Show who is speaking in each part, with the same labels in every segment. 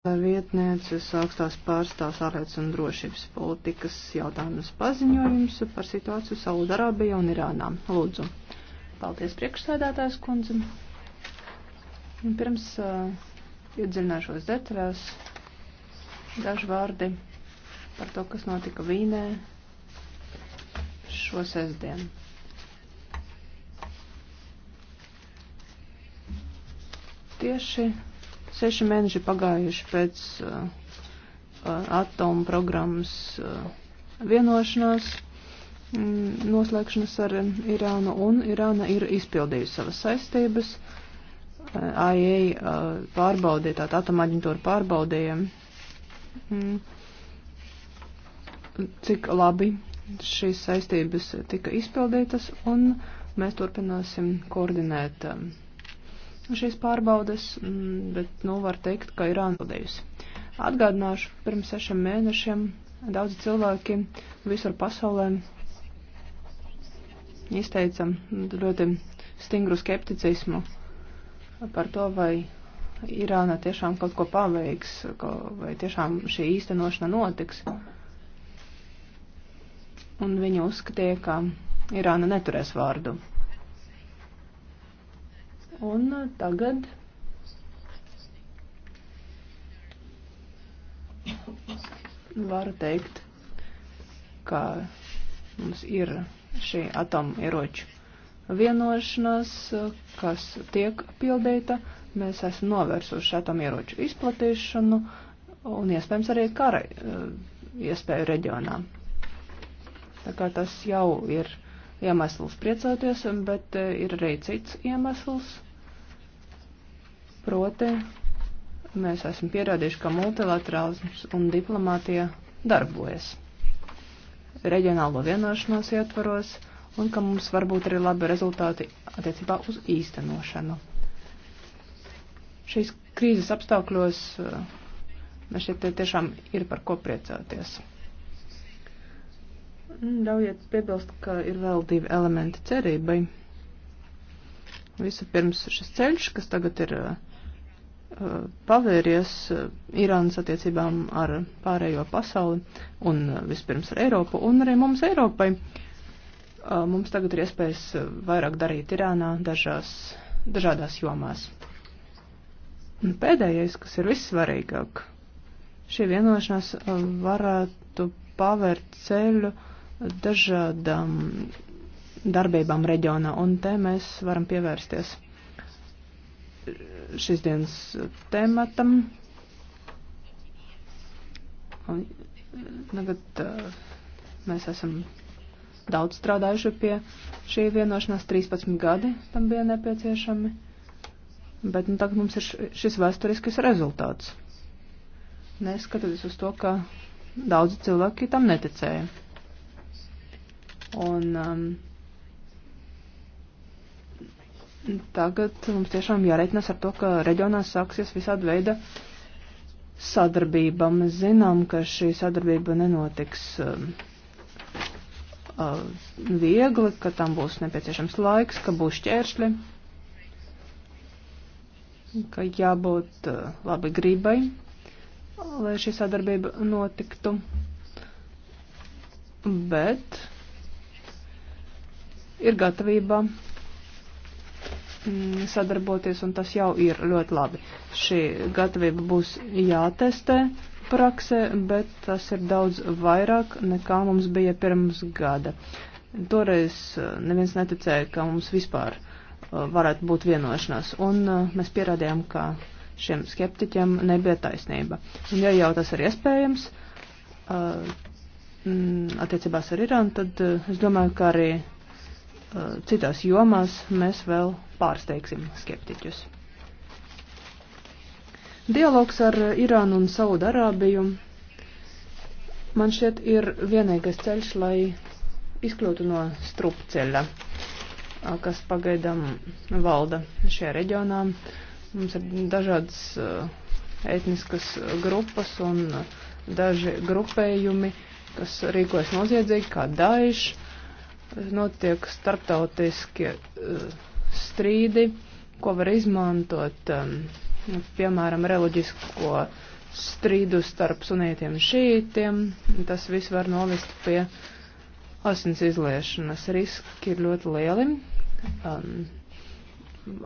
Speaker 1: Vietnieces augstās pārstāvs ārlietas un drošības politikas jautājumus paziņojums par situāciju Saudarābijā un Irānā. Lūdzu. Paldies priekšsēdētājs kundze. Un pirms uh, iedziļināšos detaļās, daži vārdi par to, kas notika Vīnē šo sestdienu. Tieši Seši mēneši pagājuši pēc uh, uh, atomu programmas uh, vienošanās mm, noslēgšanas ar Irānu, un Irāna ir izpildījusi savas saistības. Uh, AIE uh, pārbaudīja, tātad atomaģentūra pārbaudīja, mm, cik labi šīs saistības tika izpildītas, un mēs turpināsim koordinēt. Uh, šīs pārbaudes, mm, bet, nu, var teikt, ka Irāna atbildējusi. Atgādināšu, pirms sešiem mēnešiem daudzi cilvēki visur pasaulē izteica ļoti stingru skepticismu par to, vai Irāna tiešām kaut ko paveiks, vai tiešām šī īstenošana notiks. Un viņi uzskatīja, ka Irāna neturēs vārdu. Un tagad varu teikt, ka mums ir šī atomieroču vienošanās, kas tiek pildīta. Mēs esam novērsuši atomieroču izplatīšanu un iespējams arī kara eh, iespēju reģionā. Tā kā tas jau ir iemesls priecāties, bet eh, ir arī cits iemesls Proti, mēs esam pierādījuši, ka multilaterālisms un diplomātija darbojas reģionālo vienošanos ietvaros un ka mums var būt arī labi rezultāti attiecībā uz īstenošanu. Šīs krīzes apstākļos eh, man šeit tiešām ir par ko priecāties. Ļaujiet piebilst, ka ir vēl divi elementi cerībai. Visu pirms šis ceļš, kas tagad ir uh, pavērties eh, Irānas attiecībām ar pārējo pasauli un eh, vispirms ar Eiropu un arī mums Eiropai. Eh, mums tagad ir iespējas vairāk darīt Irānā dažās, dažādās jomās. Un pēdējais, kas ir vissvarīgāk, šī vienošanās varētu pavērt ceļu dažādām darbībām reģionā, un te mēs varam pievērsties šīs dienas tematam. Un tagad uh, mēs esam daudz strādājuši pie šī vienošanās, 13 gadi tam bija nepieciešami, bet nu, tagad mums ir šis vēsturiskais rezultāts. Neskatoties uz to, ka daudzi cilvēki tam neticēja. Un um, Tagad mums tiešām jāreitinās ar to, ka reģionā sāksies visāda veida sadarbība. Mēs zinām, ka šī sadarbība nenotiks um, uh, viegli, ka tam būs nepieciešams laiks, ka būs šķēršļi, ka jābūt uh, labi gribai, lai šī sadarbība notiktu. Bet ir gatavība Mm, sadarboties, un tas jau ir ļoti labi. Šī gatavība būs jātestē praksē, bet tas ir daudz vairāk nekā mums bija pirms gada. Toreiz eh, neviens neticēja, ka mums vispār eh, varētu būt vienošanās, un eh, mēs pierādījām, ka šiem skeptiķiem nebija taisnība. Un ja jau tas ir iespējams, mm, attiecībās ar Irānu, tad es domāju, ka arī Eh, citās jomās mēs vēl pārsteigsim skeptiķus. Dialogs ar Irānu un Saudarābiju man šķiet ir vienīgais ceļš, lai izkļūtu no strupceļa, eh, kas pagaidām valda šajā reģionā. Mums ir dažādas eh, etniskas grupas un daži grupējumi, kas rīkojas noziedzīgi, kā daiši notiek starptautiskie eh, strīdi, ko var izmantot, ehm, nu, piemēram, reliģisko strīdu starp sunītiem un šītiem. Tas viss var novest pie asins izliešanas. Riski ir ļoti lieli. Um,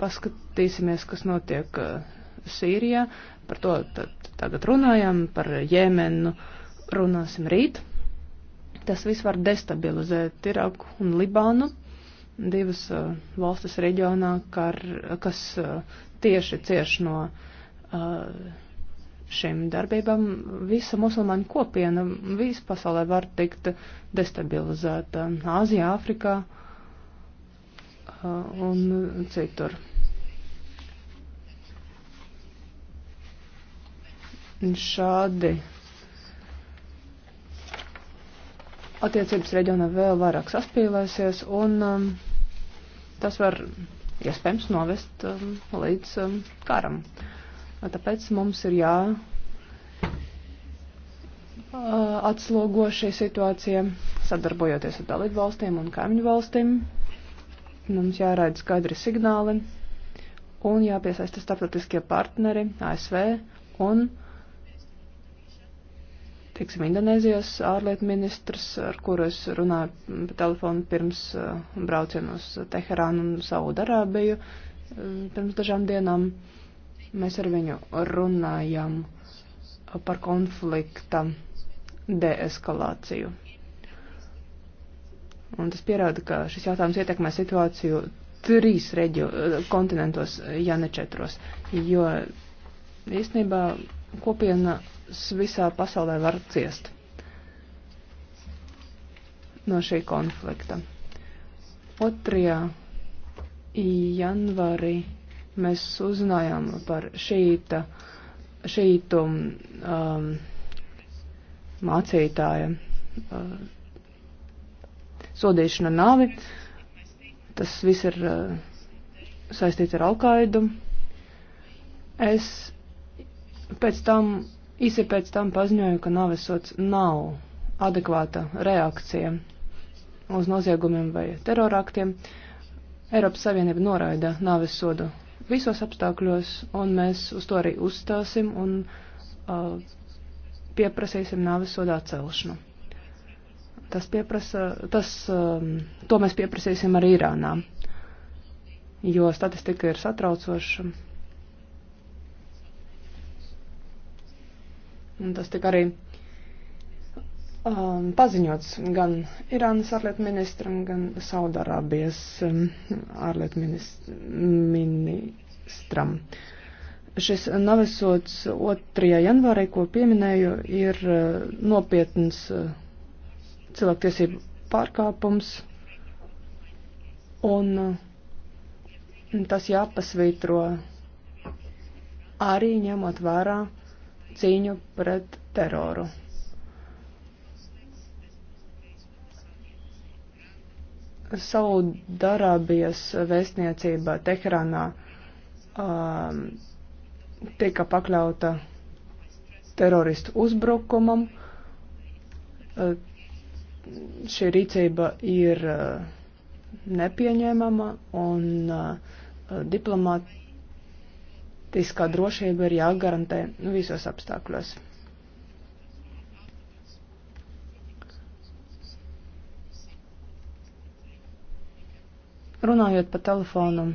Speaker 1: paskatīsimies, kas notiek eh, Sīrijā. Par to tagad runājam, par Jēmenu runāsim rīt. Tas viss var destabilizēt Iraku un Libānu, divas uh, valstis reģionā, kar, kas uh, tieši cieš no uh, šīm darbībām. Visa musulmaņu kopiena visu pasaulē var tikt destabilizēta Āzijā, Āfrikā uh, un citur. Šādi attiecības reģionā vēl vairāk saspīlēsies, un um, tas var iespējams novest um, līdz um, karam. Tāpēc mums ir jā uh, atslogo šī situācija, sadarbojoties ar dalību valstīm un kaimiņu valstīm. Mums jāraida skaidri signāli un jāpiesaista starptautiskie partneri ASV un teiksim, Indonēzijas ārlietu ministrs, ar kuru es runāju pa telefonu pirms uh, braucienu uz Teherānu un Saudarābiju uh, pirms dažām dienām. Mēs ar viņu runājam par konflikta deeskalāciju. Un tas pierāda, ka šis jautājums ietekmē situāciju trīs reģio, kontinentos, ja ne četros, jo īstenībā kopiena visā pasaulē var ciest no šī konflikta. 2. janvārī mēs uzzinājām par šīta, šītu um, mācītāja uh, sodīšanu nāvi. Tas viss ir uh, saistīts ar Alkaidu. Es pēc tam Īsi pēc tam paziņoja, ka navesots nav adekvāta reakcija uz noziegumiem vai teroraktiem. Eiropas Savienība noraida navesodu visos apstākļos, un mēs uz to arī uzstāsim un uh, pieprasīsim navesodu atcelšanu. Tas pieprasa, tas, um, uh, to mēs pieprasīsim arī Irānā, jo statistika ir satraucoša. Un tas tika arī um, paziņots gan Irānas ārlietu ministram, gan Saudarābijas um, ārlietu ministram. Šis navesots 2. janvārī, ko pieminēju, ir uh, nopietns uh, cilvēktiesību pārkāpums. Un uh, tas jāpasvītro arī ņemot vērā uh, cīņu pret teroru. Saudarābijas vēstniecība Teherānā um, tika pakļauta teroristu uzbrukumam. Uh, šī rīcība ir uh, nepieņēmama un uh, diplomāti kibernetiskā drošība ir jāgarantē visos apstākļos. Runājot pa telefonu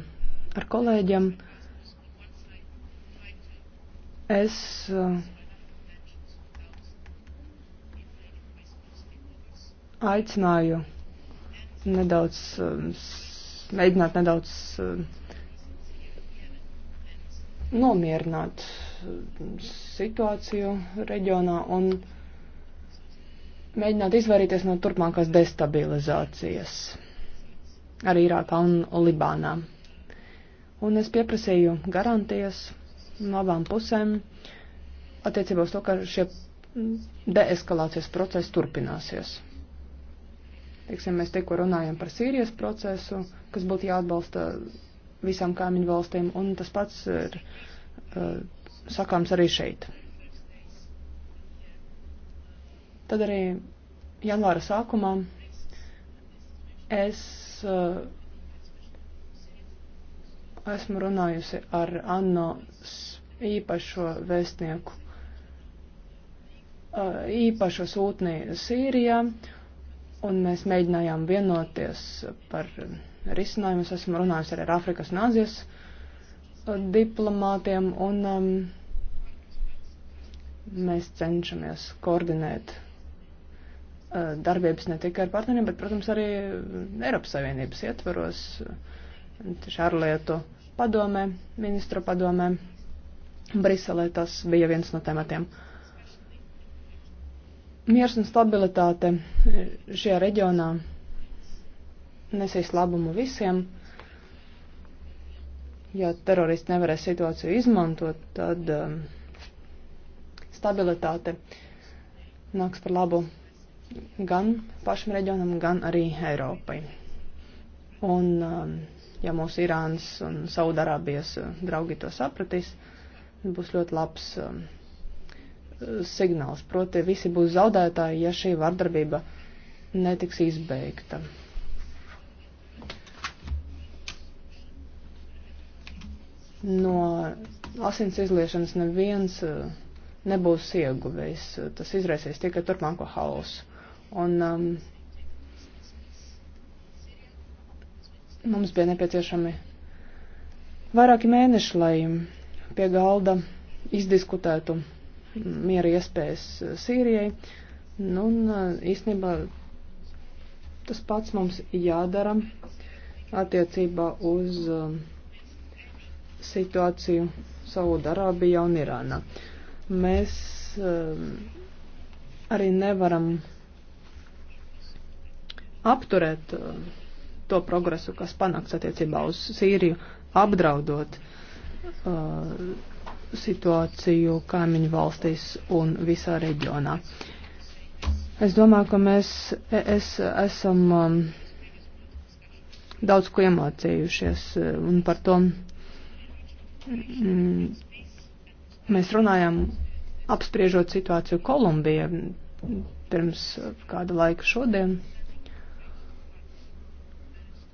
Speaker 1: ar kolēģiem, es uh, aicināju nedaudz, uh, mēģināt nedaudz uh, nomierināt mm, situāciju reģionā un mēģināt izvairīties no turpmākās destabilizācijas arī Irākā un Libānā. Un es pieprasīju garantijas no abām pusēm attiecībā uz to, ka šie mm, deeskalācijas procesi turpināsies. Teiksim, mēs tikko runājam par Sīrijas procesu, kas būtu jāatbalsta visām kaimiņu valstīm, un tas pats ir uh, sakāms arī šeit. Tad arī janvāra sākumā es uh, esmu runājusi ar Anno īpašo vēstnieku, uh, īpašo sūtni Sīrijā, un mēs mēģinājām vienoties par. Uh, risinājumus. Esmu runājusi arī ar Āfrikas un Āzijas uh, diplomātiem, un um, mēs cenšamies koordinēt uh, darbības ne tikai ar partneriem, bet, protams, arī Eiropas Savienības ietvaros, uh, šārlietu padomē, ministra padomē. Briselē tas bija viens no tematiem. Miers un stabilitāte šajā reģionā nesīs labumu visiem. Ja teroristi nevarēs situāciju izmantot, tad um, stabilitāte nāks par labu gan pašam reģionam, gan arī Eiropai. Un, um, ja mūsu Irānas un Saudarābijas uh, draugi to sapratīs, būs ļoti labs um, signāls. Proti, visi būs zaudētāji, ja šī vardarbība netiks izbeigta. No asins izliešanas neviens eh, nebūs ieguvējis. Tas izraisīs tikai turpmāko hausu. Un um, mums bija nepieciešami vairāki mēneši, lai pie galda izdiskutētu miera iespējas eh, Sīrijai. Nu, un eh, īstenībā tas pats mums jādara attiecībā uz. Um, situāciju Saudarābijā un Irānā. Mēs um, arī nevaram apturēt uh, to progresu, kas panāks attiecībā uz Sīriju, apdraudot uh, situāciju kaimiņu valstīs un visā reģionā. Es domāju, ka mēs es, esam um, daudz ko iemācījušies uh, un par to Mm. Mēs runājam, apspriežot situāciju Kolumbijā pirms kāda laika šodien.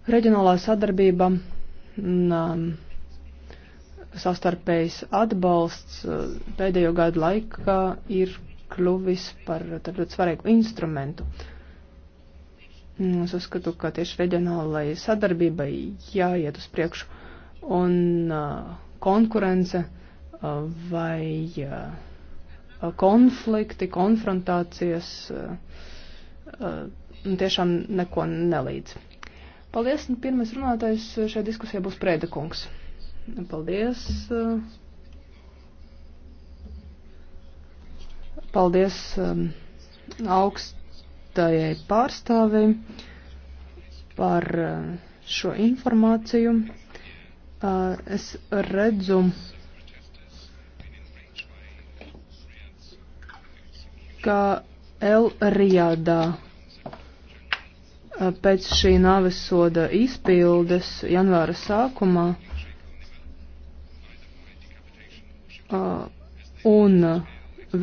Speaker 1: Reģionālā sadarbība un um, sastarpējs atbalsts uh, pēdējo gadu laikā ir kļuvis par ļoti svarīgu instrumentu. Mm, es uzskatu, ka tieši reģionālai sadarbībai jāiet uz priekšu un uh, konkurence uh, vai uh, konflikti, konfrontācijas uh, tiešām neko nelīdz. Paldies, un pirmais runātājs šajā diskusijā būs Prēdekungs. Paldies. Paldies um, augstajai pārstāvei par šo informāciju. Uh, es redzu, ka El Rijadā uh, pēc šī navesoda izpildes janvāra sākumā uh, un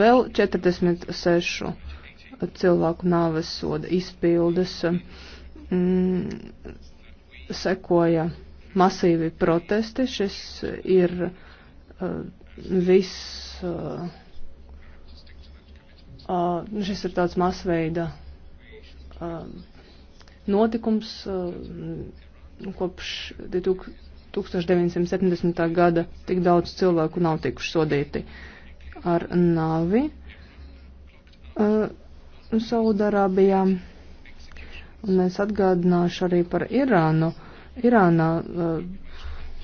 Speaker 1: vēl 46 cilvēku navesoda izpildes mm, sekoja masīvi protesti. Šis ir uh, viss, uh, uh, šis ir tāds masveida uh, notikums uh, kopš 1970. gada tik daudz cilvēku nav tikuši sodīti ar nāvi. Uh, Saudarābijā. Un es atgādināšu arī par Irānu. Uh, Irānā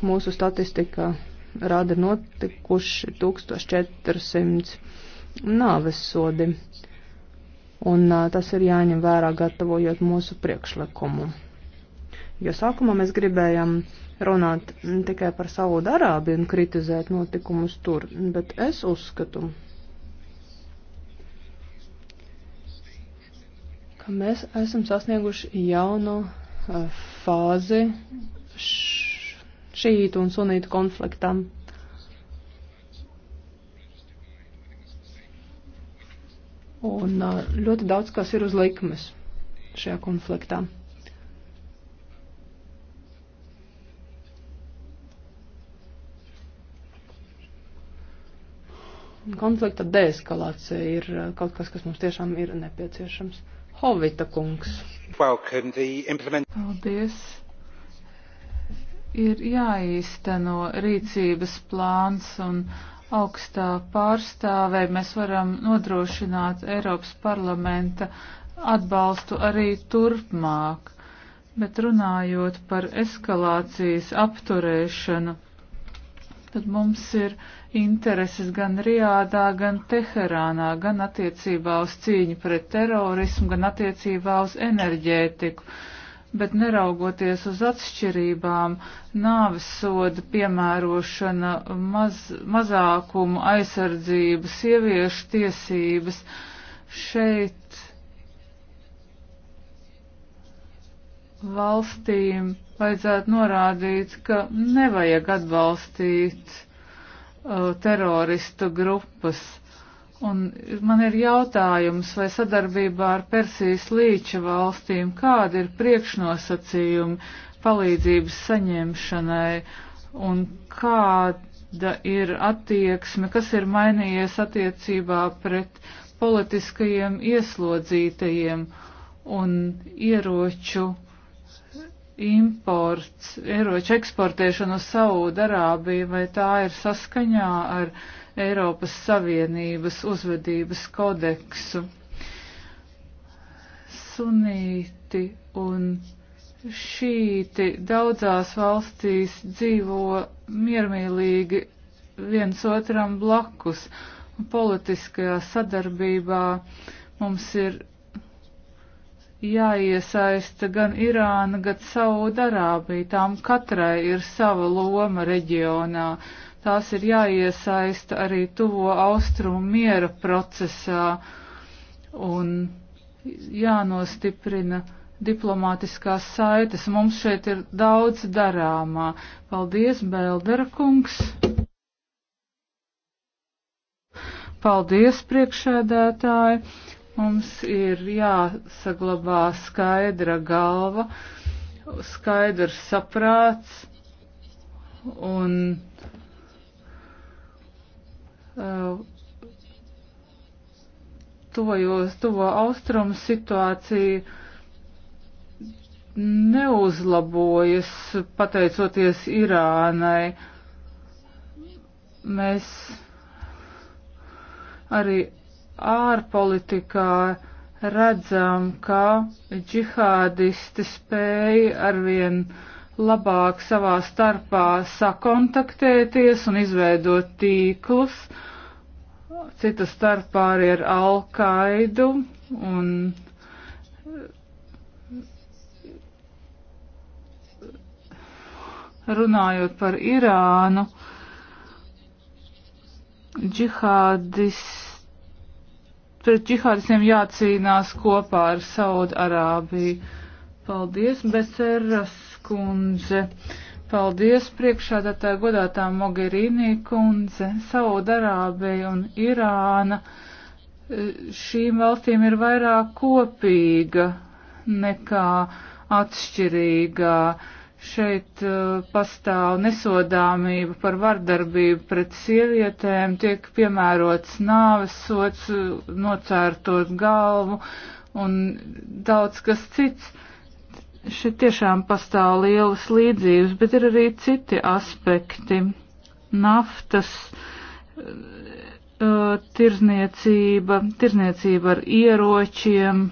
Speaker 1: mūsu statistika rāda notikuši 1400 nāvesodi, un tas ir jāņem vērā gatavojot mūsu priekšlikumu. Jo sākumā mēs gribējām runāt tikai par Saudu Arābiju un kritizēt notikumus tur, bet es uzskatu, ka mēs esam sasnieguši jaunu fāzi šīītu un sunītu konfliktam. Un ļoti daudz kas ir uz likmes šajā konfliktā. Konflikta deeskalācija ir kaut kas, kas mums tiešām ir nepieciešams. Hovita kungs.
Speaker 2: Paldies.
Speaker 3: Ir jāīsteno rīcības plāns un augstā pārstāvē mēs varam nodrošināt Eiropas parlamenta atbalstu arī turpmāk. Bet runājot par eskalācijas apturēšanu, tad mums ir intereses gan Riādā, gan Teherānā, gan attiecībā uz cīņu pret terorismu, gan attiecībā uz enerģētiku. Bet neraugoties uz atšķirībām, nāves soda piemērošana, maz, mazākumu aizsardzību, sieviešu tiesības, šeit valstīm vajadzētu norādīt, ka nevajag atbalstīt uh, teroristu grupas. Un man ir jautājums, vai sadarbībā ar Persijas līča valstīm, kāda ir priekšnosacījumi palīdzības saņemšanai un kāda ir attieksme, kas ir mainījies attiecībā pret politiskajiem ieslodzītajiem un ieroču imports, ieroču eksportēšana uz Saudarābiju, vai tā ir saskaņā ar Eiropas Savienības uzvedības kodeksu. Sunīti un šīti daudzās valstīs dzīvo miermīlīgi viens otram blakus. Politiskajā sadarbībā mums ir jāiesaista gan Irāna, gan Saudarābija. Tām katrai ir sava loma reģionā. Tās ir jāiesaista arī tuvo austrumu miera procesā un jānostiprina diplomātiskās saites. Mums šeit ir daudz darāmā. Paldies, Bēldera kungs! Paldies, priekšēdētāji! Mums ir jāsaglabā skaidra galva, skaidrs saprāts un uh, tuvajos, tuvo austrumu situācija neuzlabojas pateicoties Irānai. Mēs arī ārpolitikā redzam, ka džihādisti spēj arvien labāk savā starpā sakontaktēties un izveidot tīklus, cita starpā arī ar Alkaidu un runājot par Irānu, džihādis pret džihādistiem jācīnās kopā ar Saudarābiju. Paldies, Beceras kundze. Paldies priekšādātāja godātā Mogherīnī kundze. Saudarābija un Irāna e, šīm valstīm ir vairāk kopīga nekā atšķirīgā. Uh, Šeit uh, pastāv nesodāmība par vardarbību pret sievietēm, tiek piemērots nāves sots, nocērtot galvu un daudz kas cits. Šeit tiešām pastāv lielas līdzības, bet ir arī citi aspekti. Naftas uh, tirzniecība, tirzniecība ar ieročiem.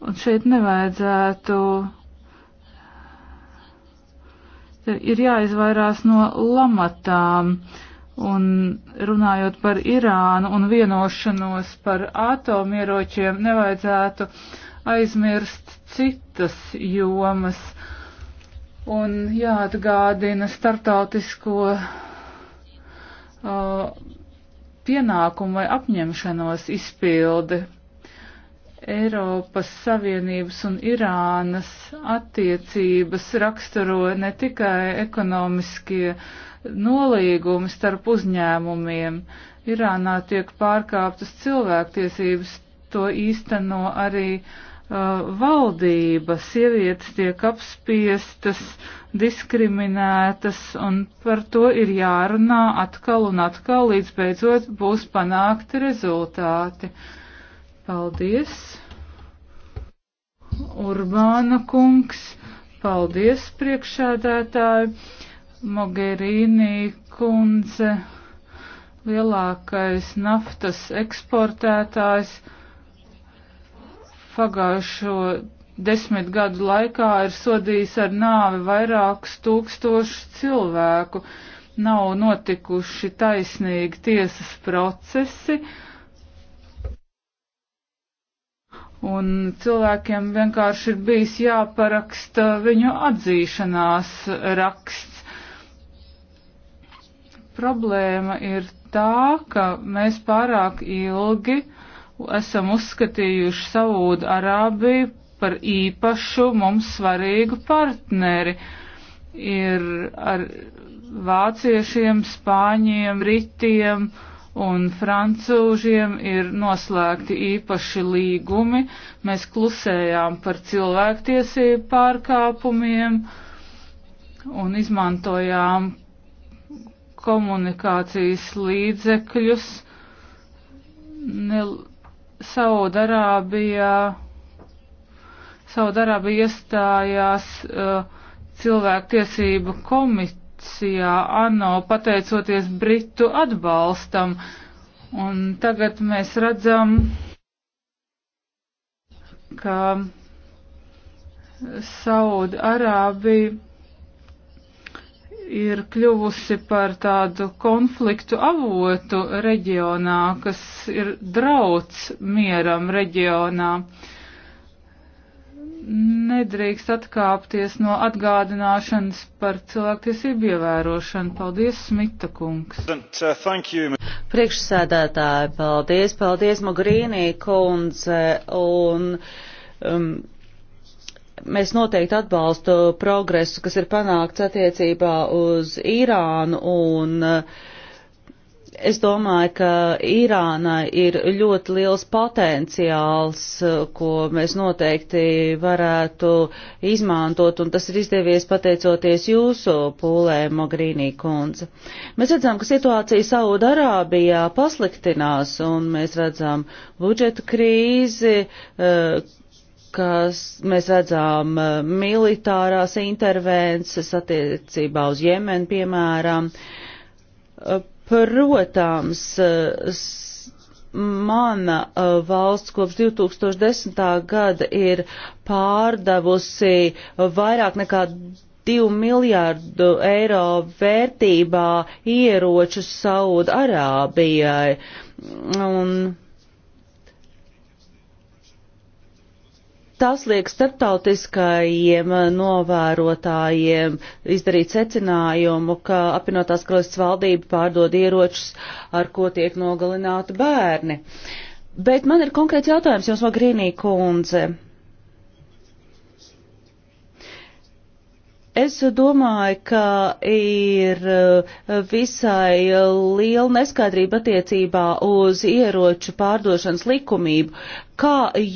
Speaker 3: Un šeit nevajadzētu ir jāizvairās no lamatām. Un runājot par Irānu un vienošanos par atomieročiem, nevajadzētu aizmirst citas jomas un jāatgādina startautisko uh, pienākumu vai apņemšanos izpildi Eiropas Savienības un Irānas attiecības raksturo ne tikai ekonomiskie nolīgumi starp uzņēmumiem. Irānā tiek pārkāptas cilvēktiesības, to īsteno arī uh, valdība. Sievietes tiek apspiestas, diskriminētas, un par to ir jārunā atkal un atkal, līdz beidzot būs panākti rezultāti. Uh, Paldies, Urbāna kungs. Paldies, priekšēdētāji. Mogherīnī kundze, lielākais naftas eksportētājs pagājušo desmit gadu laikā ir sodījis ar nāvi vairākus tūkstošus cilvēku. Nav notikuši taisnīgi tiesas procesi Un cilvēkiem vienkārši ir bijis jāparaksta viņu atzīšanās raksts. Problēma ir tā, ka mēs pārāk ilgi esam uzskatījuši Saūdu Arābiju par īpašu mums svarīgu partneri. Ir ar vāciešiem, spāņiem, ritiem, uh, un francūžiem ir noslēgti īpaši līgumi. Mēs klusējām par cilvēktiesību pārkāpumiem un izmantojām komunikācijas līdzekļus. Ne, Saudarābijā, Saudarābija iestājās uh, cilvēktiesību komiteja Vācijā ANO pateicoties Britu atbalstam. Un tagad mēs redzam, ka Sauda Arābija ir kļuvusi par tādu konfliktu avotu reģionā, kas ir drauds mieram reģionā. Uh, nedrīkst atkāpties no atgādināšanas par cilvēktiesību
Speaker 2: ievērošanu. Paldies, Smita kungs.
Speaker 3: Uh,
Speaker 2: Priekšsēdētāji, paldies, paldies, Mogrīnī kundze. Un, um, Mēs noteikti atbalstu progresu, kas ir panākts attiecībā uz Irānu un uh, Es domāju, ka Irāna ir ļoti liels potenciāls, eh, ko mēs noteikti varētu izmantot, un tas ir izdevies pateicoties jūsu pūlēm, Mogrīnī kundze. Mēs redzam, ka situācija Saudarābijā pasliktinās, un mēs redzam budžeta krīzi, eh, kas mēs redzām eh, militārās intervences attiecībā uz Jemenu, piemēram Protams, mana valsts kopš 2010. gada ir pārdevusi vairāk nekā 2 miljārdu eiro vērtībā ieroču Saudu Arābijai. Un Tas liek starptautiskajiem novērotājiem izdarīt secinājumu, ka apvienotās karalists valdība pārdod ieročus, ar ko tiek nogalināti bērni. Bet man ir konkrēts jautājums jums, Magrīnī kundze. Es domāju, ka ir e, visai liela neskaidrība attiecībā uz ieroču pārdošanas likumību. Kā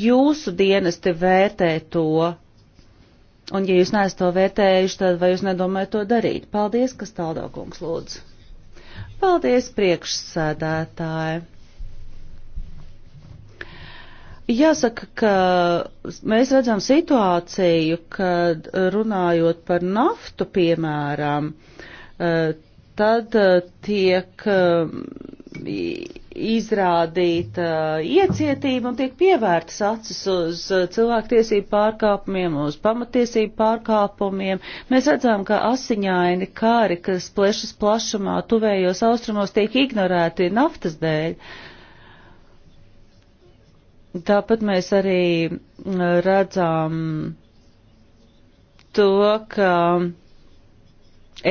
Speaker 2: jūsu dienesti vērtē to? Un, ja jūs neesat to vērtējuši, tad vai jūs nedomājat to darīt? Paldies, kas tālāk, kungs, lūdzu. Paldies, priekšsēdētāji. Jāsaka, ka mēs redzam situāciju, kad runājot par naftu, piemēram, eh, tad eh, tiek eh, izrādīta iecietība un tiek pievērtas acis uz cilvēktiesību pārkāpumiem, uz pamatiesību pārkāpumiem. Mēs redzam, ka asiņaini kāri, kas plešas plašumā tuvējos austrumos, tiek ignorēti naftas dēļ. Uh, Tāpat mēs arī mm, redzam to, ka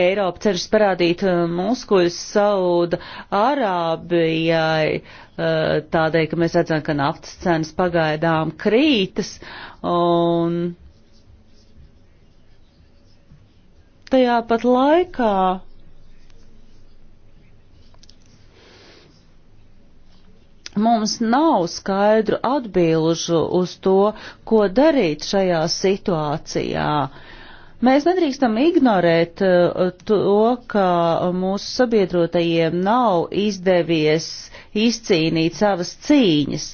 Speaker 2: Eiropa cenšas parādīt mm, muskuļus Sauda Arābijai, mm, tādēļ, ka mēs redzam, ka naftas cenas pagaidām krītas, un tajā pat laikā mums nav skaidru atbilžu uz to, ko darīt šajā situācijā. Mēs nedrīkstam ignorēt uh, to, ka mūsu sabiedrotajiem nav izdevies izcīnīt savas cīņas.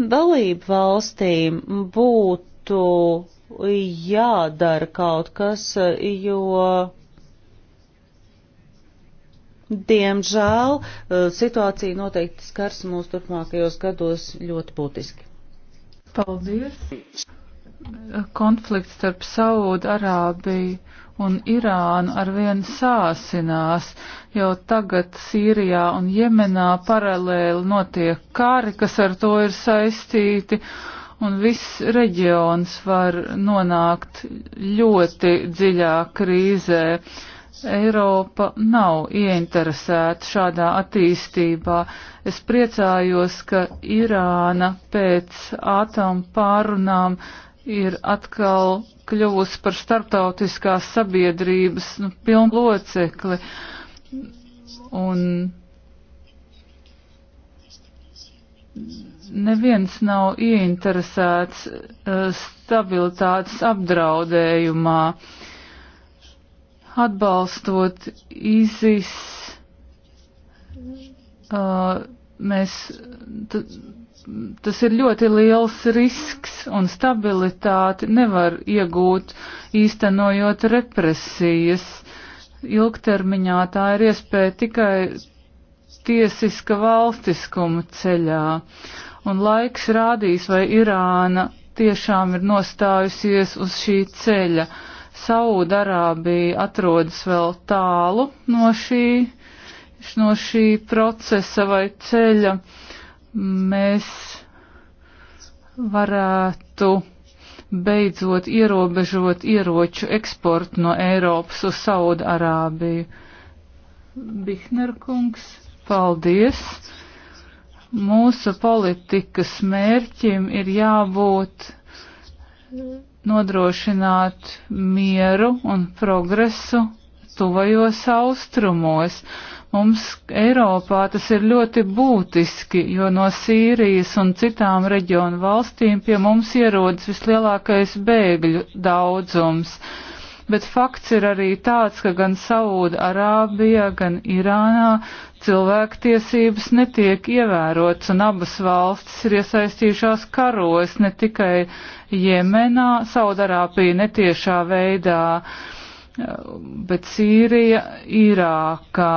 Speaker 2: Dalību valstīm būtu jādara kaut kas, jo Diemžēl eh, situācija noteikti skars mūs turpmākajos gados ļoti būtiski.
Speaker 3: Paldies! Konflikts starp Saudu Arābiju un Irānu arvien sāsinās. Jau tagad Sīrijā un Jemenā paralēli notiek kari, kas ar to ir saistīti, un viss reģions var nonākt ļoti dziļā krīzē. Eiropa nav ieinteresēta šādā attīstībā. Es priecājos, ka Irāna pēc atomu pārunām ir atkal kļuvusi par starptautiskās sabiedrības nu, pilnu locekli. Un neviens nav ieinteresēts eh, stabilitātes apdraudējumā. Uh, Atbalstot izis, uh, mēs, tas ir ļoti liels risks un stabilitāti nevar iegūt īstenojot represijas. Ilgtermiņā tā ir iespēja tikai tiesiska valstiskuma ceļā. Un laiks rādīs, vai Irāna tiešām ir nostājusies uz šī ceļa. Uh, Saudarābija atrodas vēl tālu no šī, no šī procesa vai ceļa, mēs varētu beidzot ierobežot ieroču eksportu no Eiropas uz Saudarābiju. Bihnerkungs, paldies! Mūsu politikas mērķim ir jābūt nodrošināt mieru un progresu tuvajos austrumos. Mums Eiropā tas ir ļoti būtiski, jo no Sīrijas un citām reģionu valstīm pie mums ierodas vislielākais bēgļu daudzums. Uh, bet fakts ir arī tāds, ka gan Saūda Arābijā, gan Irānā cilvēktiesības netiek ievērots, un abas valstis ir iesaistījušās karos, ne tikai Jemenā, Saudarāpija netiešā veidā, bet Sīrija, Irākā.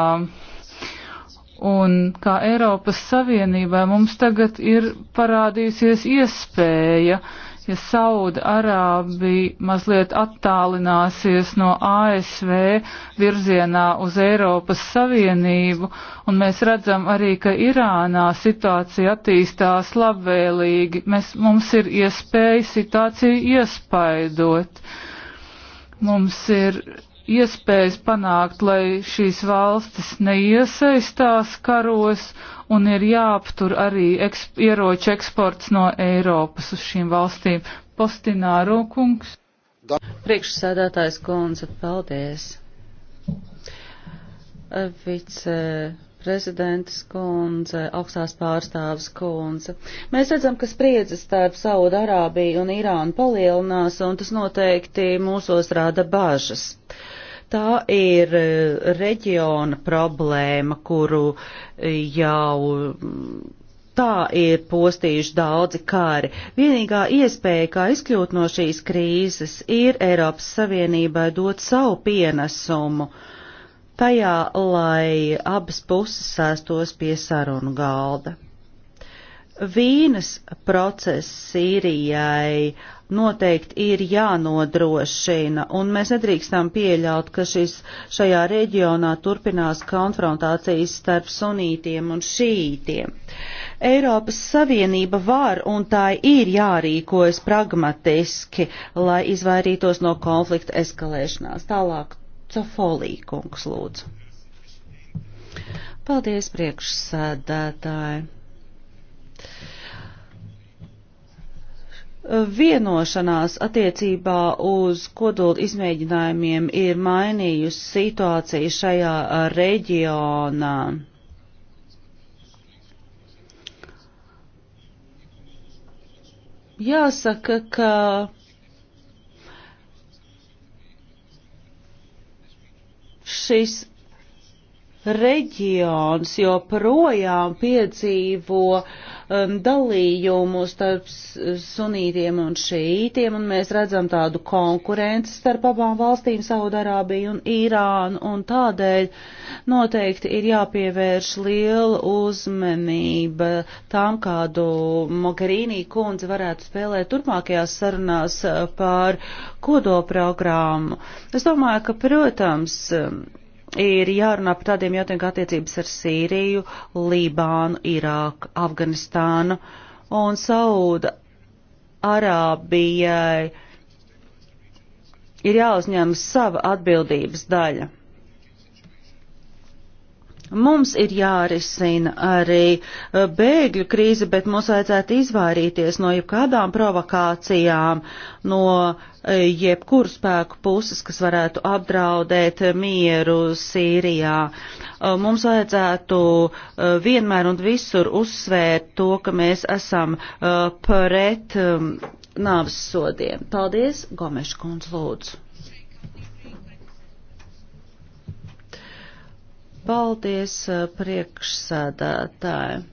Speaker 3: Un kā Eiropas Savienībai mums tagad ir parādījusies iespēja ja Sauda Arābija mazliet attālināsies no ASV virzienā uz Eiropas Savienību, un mēs redzam arī, ka Irānā situācija attīstās labvēlīgi, mēs, mums ir iespēja situāciju iespaidot. Mums ir iespējas panākt, lai šīs valstis neiesaistās karos un ir jāaptur arī eksp ieroču eksports no Eiropas uz šīm valstīm. Postināro kungs. Priekšsēdētājs
Speaker 2: kundze, paldies. Vice prezidents kundze, augstās pārstāvs kundze. Mēs redzam, ka spriedze starp Sauda Arābiju un Irānu palielinās, un tas noteikti mūsos rada bažas. Tā ir e, reģiona problēma, kuru e, jau tā ir postījuši daudzi kāri. Vienīgā iespēja, kā izkļūt no šīs krīzes, ir Eiropas Savienībai dot savu pienesumu. Uh, tajā, lai abas puses sēstos pie sarunu galda. Vīnas process Sīrijai noteikti ir jānodrošina, un mēs nedrīkstam pieļaut, ka šis, šajā reģionā turpinās konfrontācijas starp sunītiem un šītiem. Eiropas Savienība var un tā ir jārīkojas pragmatiski, lai izvairītos no konflikta eskalēšanās. Tālāk Cafolī kungs lūdzu. Paldies priekšsēdētāji. Vienošanās attiecībā uz kodola izmēģinājumiem ir mainījusi situāciju šajā reģionā. Jāsaka, ka šis reģions joprojām piedzīvo uh, Um, dalījumu starp sunītiem un šītiem, un mēs redzam tādu konkurenci starp abām valstīm, Saudarābiju un Irānu, un tādēļ noteikti ir jāpievērš liela uzmanība tām, kādu Mogherīnī kundze varētu spēlēt turpmākajās sarunās uh, par kodoprogrammu. Es domāju, ka, protams, um, ir jārunā par tādiem jautājumiem kā attiecības ar Sīriju, Lībānu, Irāku, Afganistānu un Sauda Arābijai ir jāuzņem sava atbildības daļa. Mums ir jārisina arī uh, bēgļu krīze, bet mums vajadzētu izvairīties no jebkādām provokācijām, no uh, jebkuru spēku puses, kas varētu apdraudēt mieru Sīrijā. Uh, mums vajadzētu vienmēr un visur uzsvērt to, ka mēs esam pret um, nāvis sodiem. Paldies, Gomeša kundz, lūdzu. Paldies, uh, priekšsēdētāji.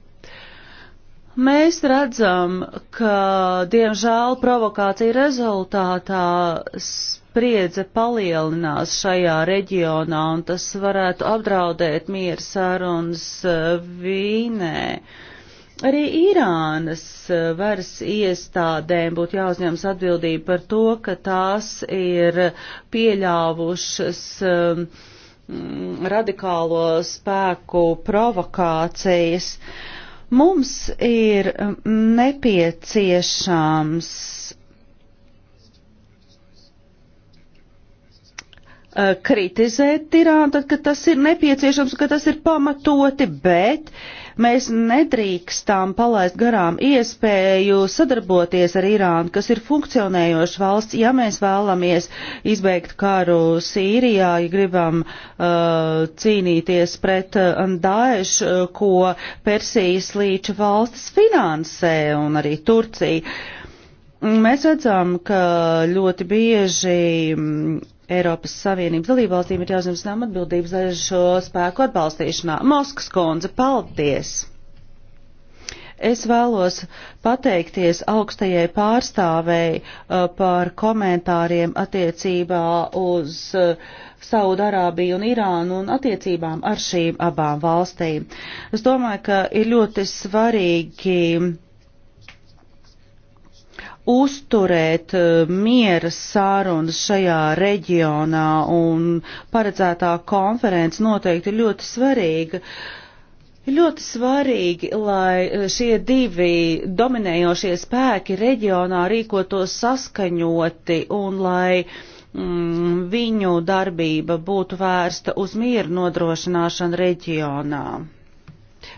Speaker 2: Mēs redzam, ka diemžēl provokācija rezultātā spriedze palielinās šajā reģionā un tas varētu apdraudēt mieru sarunas uh, vīnē. Arī Irānas uh, varas iestādēm būtu jāuzņemas atbildība par to, ka tās ir pieļāvušas uh, Mm, radikālo spēku provokācijas. Mums ir mm, nepieciešams e, kritizēt tirānu, tad, kad tas ir nepieciešams, kad tas ir pamatoti, bet Mēs nedrīkstām palaist garām iespēju sadarboties ar Irānu, kas ir funkcionējoša valsts, ja mēs vēlamies izbeigt karu Sīrijā, ja gribam uh, cīnīties pret uh, Daešu, uh, ko Persijas līča valstis finansē un arī Turcija. Mēs redzam, ka ļoti bieži mm, Eiropas Savienības dalībvalstīm ir jāuzņemsinām atbildības ar šo spēku atbalstīšanā. Moskas kundze, paldies! Es vēlos pateikties augstajai pārstāvēji uh, par komentāriem attiecībā uz uh, Saudarābiju un Irānu un attiecībām ar šīm abām valstīm. Es domāju, ka ir ļoti svarīgi uzturēt eh, miera sārunas šajā reģionā un paredzētā konference noteikti ļoti svarīga. Ļoti svarīgi, lai eh, šie divi dominējošie spēki reģionā rīkotos saskaņoti un lai mm, viņu darbība būtu vērsta uz mieru nodrošināšanu reģionā.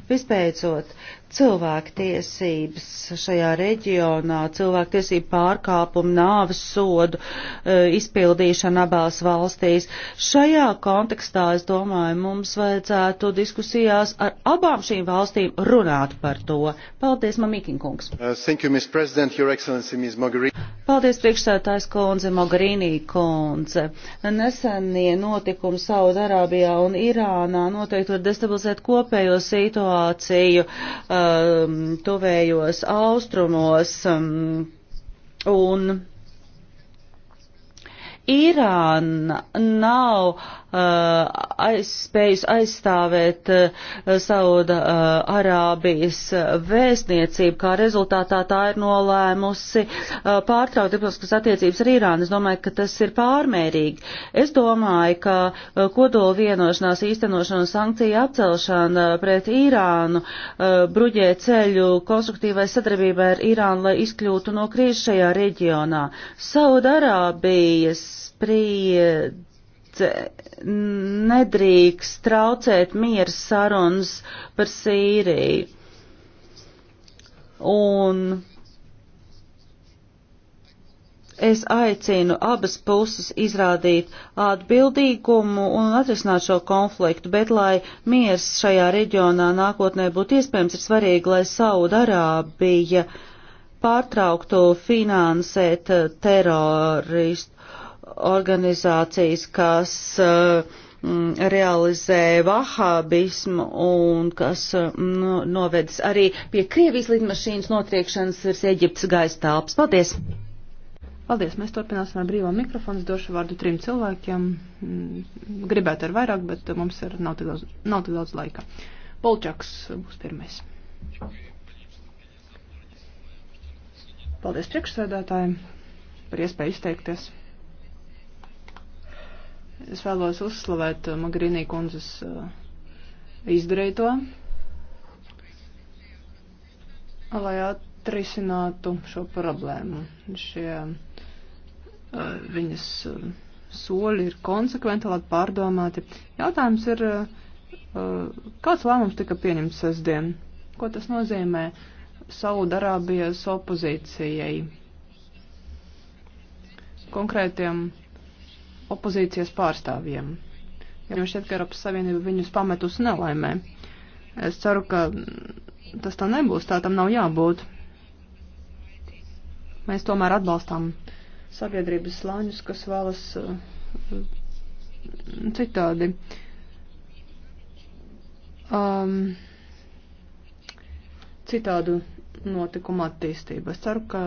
Speaker 2: Vispēcot, cilvēktiesības šajā reģionā, cilvēktiesību pārkāpumu, nāves sodu e, izpildīšanu abās valstīs. Šajā kontekstā, es domāju, mums vajadzētu diskusijās ar abām šīm valstīm runāt par to. Paldies, Mamikinkungs. Uh, you, Paldies, priekšsētājs kundze, Mogherini kundze. Nesenie notikumi Saudarābijā un Irānā noteikti var destabilizēt kopējo situāciju. Uh, Um, tuvējos austrumos. Um, un Irāna nav uh, aizspējusi aizstāvēt uh, Sauda uh, Arābijas vēstniecību, kā rezultātā tā ir nolēmusi uh, pārtraukt diplomatiskas attiecības ar Irānu. Es domāju, ka tas ir pārmērīgi. Es domāju, ka uh, kodola vienošanās īstenošana un sankcija atcelšana pret Irānu uh, bruģē ceļu konstruktīvai sadarbībai ar Irānu, lai izkļūtu no krīzes šajā reģionā. Sauda Arābijas spriedze nedrīkst traucēt mieru sarunas par Sīriju. Un es aicinu abas puses izrādīt atbildīgumu un atrisināt šo konfliktu, bet, lai miers šajā reģionā nākotnē būtu iespējams, ir svarīgi, lai Saudarābija pārtrauktu finansēt teroristu organizācijas, kas mm, realizē vahābismu un kas mm, novedis arī pie Krievijas lidmašīnas notriekšanas virs Eģiptes gaisa telpas. Paldies! Paldies! Mēs turpināsim ar brīvā mikrofonu. Es došu vārdu trim
Speaker 1: cilvēkiem. Mm, gribētu ar vairāk, bet mums ir nav tik daudz, nav tik daudz laika. Polčaks būs pirmais. Paldies priekšsēdētājiem par iespēju izteikties. Es vēlos uzslavēt uh, Magrīnī kundzes uh, izdarīto, lai atrisinātu šo problēmu. Šie uh, viņas soļi ir konsekventi, labi pārdomāti. Jautājums ir, kāds lēmums tika pieņemts sestdien? Ko tas nozīmē Saudarābijas opozīcijai? Konkrētiem opozīcijas pārstāvjiem. Ja man šķiet, ka Eiropas Savienība viņus pamet uz nelaimē. Es ceru, ka tas tā nebūs, tā tam nav jābūt. Mēs tomēr atbalstām sabiedrības slāņus, kas vēlas uh, citādi. Um, citādu notikuma attīstību. Es ceru, ka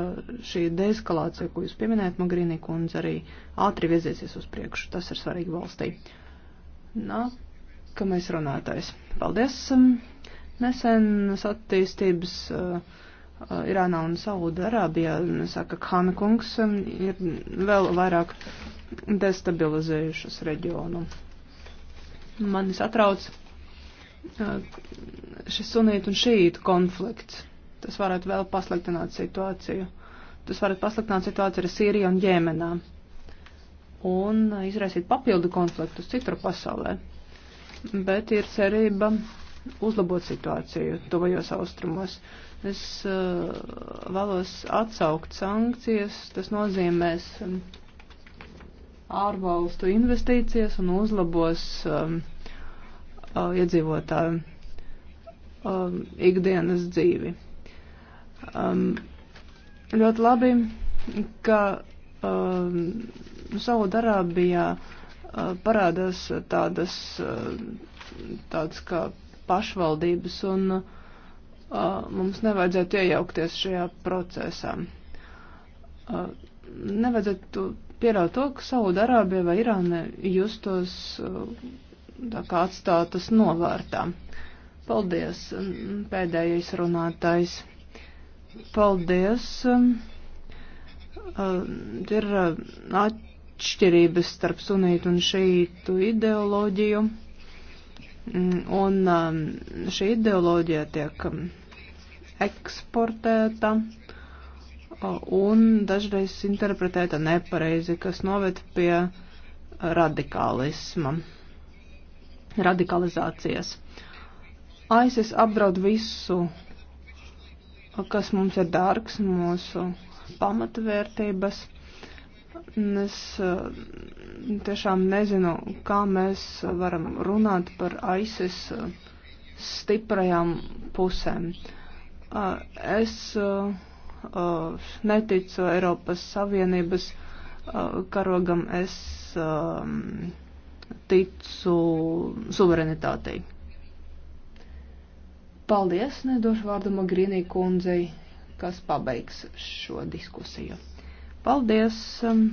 Speaker 1: šī deeskalācija, ko jūs pieminējat, Magrīnī kundze arī ātri virzīsies uz priekšu. Tas ir svarīgi valstī. Nākamais runātājs. Paldies. Nesenas attīstības uh, Irānā un Saudarābijā, saka Khana kungs, um, ir vēl vairāk destabilizējušas reģionu. Mani satrauc uh, šis sunītu un šītu konflikts Tas varētu vēl pasliktināt situāciju. Tas varētu pasliktināt situāciju ar Sīriju un Jēmenā un izraisīt papildu konfliktus citur pasaulē. Bet ir cerība uzlabot situāciju tuvajos austrumos. Es uh, vēlos atsaukt sankcijas, tas nozīmēs um, ārvalstu investīcijas un uzlabos um, uh, iedzīvotāju um, ikdienas dzīvi. Um, ļoti labi, ka um, Saudarābijā uh, parādās tādas, uh, tādas kā pašvaldības un uh, mums nevajadzētu iejaukties šajā procesā. Uh, nevajadzētu pieļaut to, ka Saudarābija vai Irāna justos uh, tā kā atstātas novārtā. Paldies, pēdējais runātājs. Paldies. Ir atšķirības starp sunītu un šītu ideoloģiju. Un šī ideoloģija tiek eksportēta un dažreiz interpretēta nepareizi, kas noved pie radikālisma, radikalizācijas. ISIS apdraud visu kas mums ir dārgs, mūsu pamatvērtības. Es uh, tiešām nezinu, kā mēs varam runāt par ISIS uh, stiprajām pusēm. Uh, es neticu Eiropas Savienības karogam, es um, ticu suverenitātei. Paldies, nedošu vārdu Magrīnī kundzei, kas pabeigs šo diskusiju. Paldies! Um,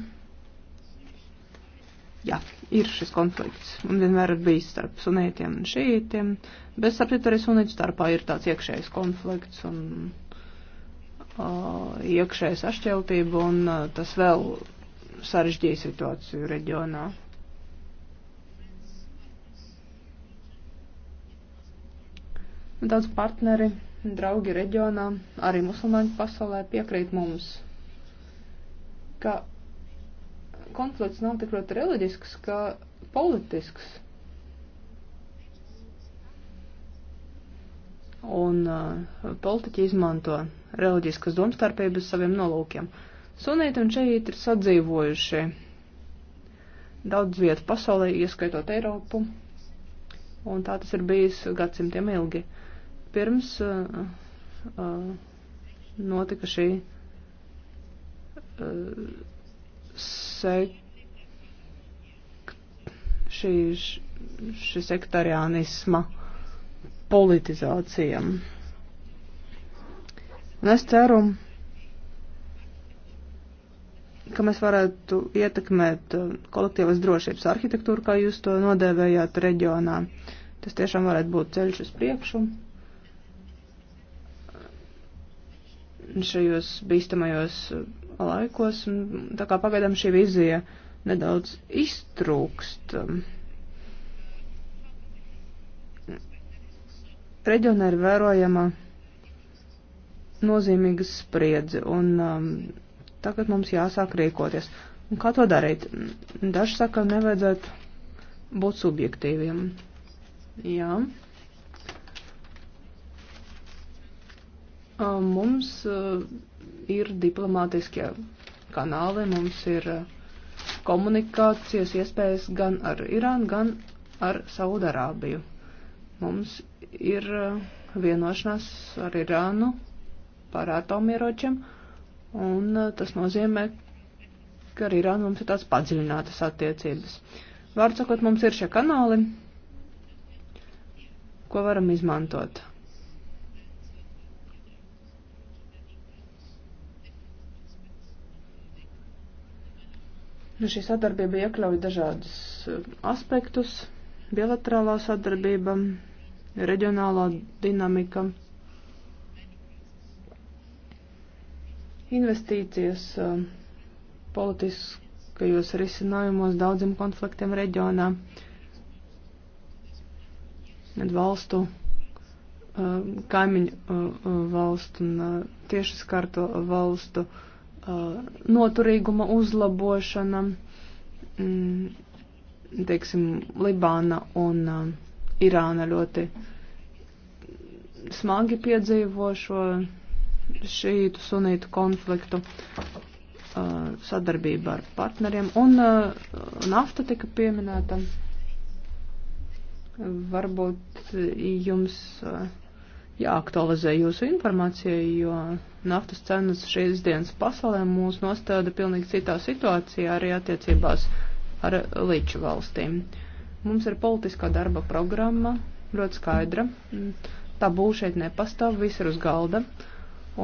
Speaker 1: jā, ir šis konflikts. Man vienmēr ir bijis starp sunītiem un šītiem, bet starp citu arī sunītu starpā ir tāds iekšējs konflikts un uh, iekšējs ašķeltība, un uh, tas vēl sarežģīja situāciju reģionā. Daudz partneri, draugi reģionā, arī musulmaņu pasaulē piekrīt mums, ka konflikts nav tik ļoti reliģisks, kā politisks. Un uh, politiķi izmanto reliģiskas domstarpības saviem nolūkiem. Sunīti un šeit ir sadzīvojuši daudz vietu pasaulē, ieskaitot Eiropu, un tā tas ir bijis gadsimtiem ilgi. Uh, pirms uh, uh, notika šī uh, sek, šī, šī sektarianisma politizācija. Un es ceru, ka mēs varētu ietekmēt kolektīvas drošības arhitektūru, kā jūs to nodēvējāt reģionā. Tas tiešām varētu būt ceļš uz priekšu. šajos bīstamajos laikos, un tā kā pagaidām šī vizija nedaudz iztrūkst. Reģionā ir vērojama nozīmīga spriedze, un um, tagad mums jāsāk rīkoties. Un kā to darīt? Daži saka, nevajadzētu būt subjektīviem. Jā. Mums eh, ir diplomātiskie kanāli, mums ir eh, komunikācijas iespējas gan ar Irānu, gan ar Saudarābiju. Mums ir eh, vienošanās ar Irānu par atomieročiem, un tas nozīmē, ka ar Irānu mums ir tāds padziļinātas attiecības. Vārdsakot, mums ir šie kanāli, ko varam izmantot. Nu, šī sadarbība iekļauj dažādus eh, aspektus - bilaterālā sadarbība, reģionālā dinamika, investīcijas eh, politiskajos risinājumos daudziem konfliktiem reģionā, valstu, eh, kaimiņu valstu un tieši skarto valstu. valstu Uh, noturīguma uzlabošana, mm, teiksim, Libāna un uh, Irāna ļoti smagi piedzīvo šo šītu sunītu konfliktu uh, sadarbība ar partneriem, un nafta tika pieminēta. Varbūt jums. Uh, jāaktualizē jūsu informācija, jo naftas cenas šīs dienas pasaulē mūs nostāda pilnīgi citā situācijā arī attiecībās ar līču valstīm. Mums ir politiskā darba programma, ļoti skaidra. Tā būs šeit nepastāv, viss ir uz galda.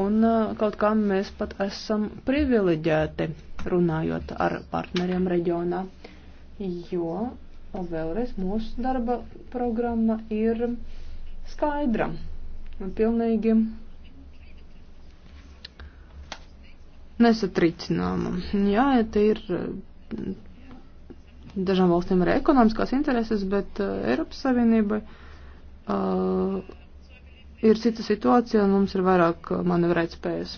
Speaker 1: Un kaut kā mēs pat esam privileģēti runājot ar partneriem reģionā, jo vēlreiz mūsu darba programma ir skaidra pilnīgi nesatricināma. Jā, te ir eh, dažām valstīm ir ekonomiskās intereses, bet eh, Eiropas Savienībai uh, ir cita situācija un mums ir vairāk manevrēt spējas.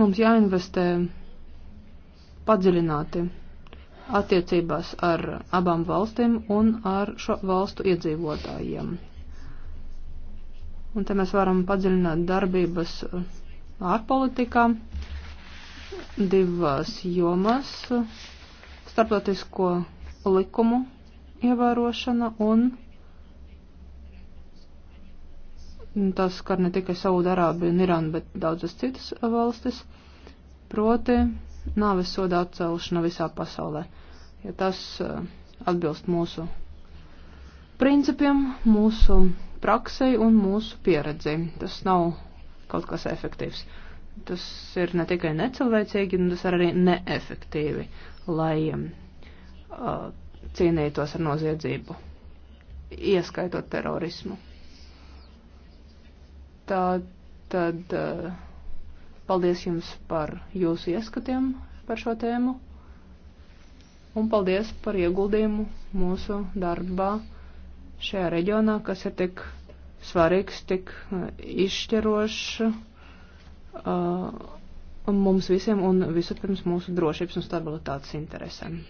Speaker 1: Mums jāinvestē padziļināti attiecībās ar abām valstīm un ar šo valstu iedzīvotājiem. Un te mēs varam padziļināt darbības ārpolitikā divās jomas - starptautisko likumu ievērošana un tas skar ne tikai Saudārābiju un Irānu, bet daudzas citas valstis. Proti nāves soda atcelšana visā pasaulē, jo tas eh, atbilst mūsu principiem, mūsu praksei un mūsu pieredzei. Tas nav kaut kas efektīvs. Tas ir ne tikai necilvēcīgi, bet tas ir arī neefektīvi, lai uh, cīnītos ar noziedzību, ieskaitot terorismu. Tā tad. Uh, Paldies jums par jūsu ieskatiem par šo tēmu un paldies par ieguldījumu mūsu darbā šajā reģionā, kas ir tik svarīgs, tik uh, izšķirošs uh, mums visiem un
Speaker 3: visapirms mūsu drošības un stabilitātes interesēm.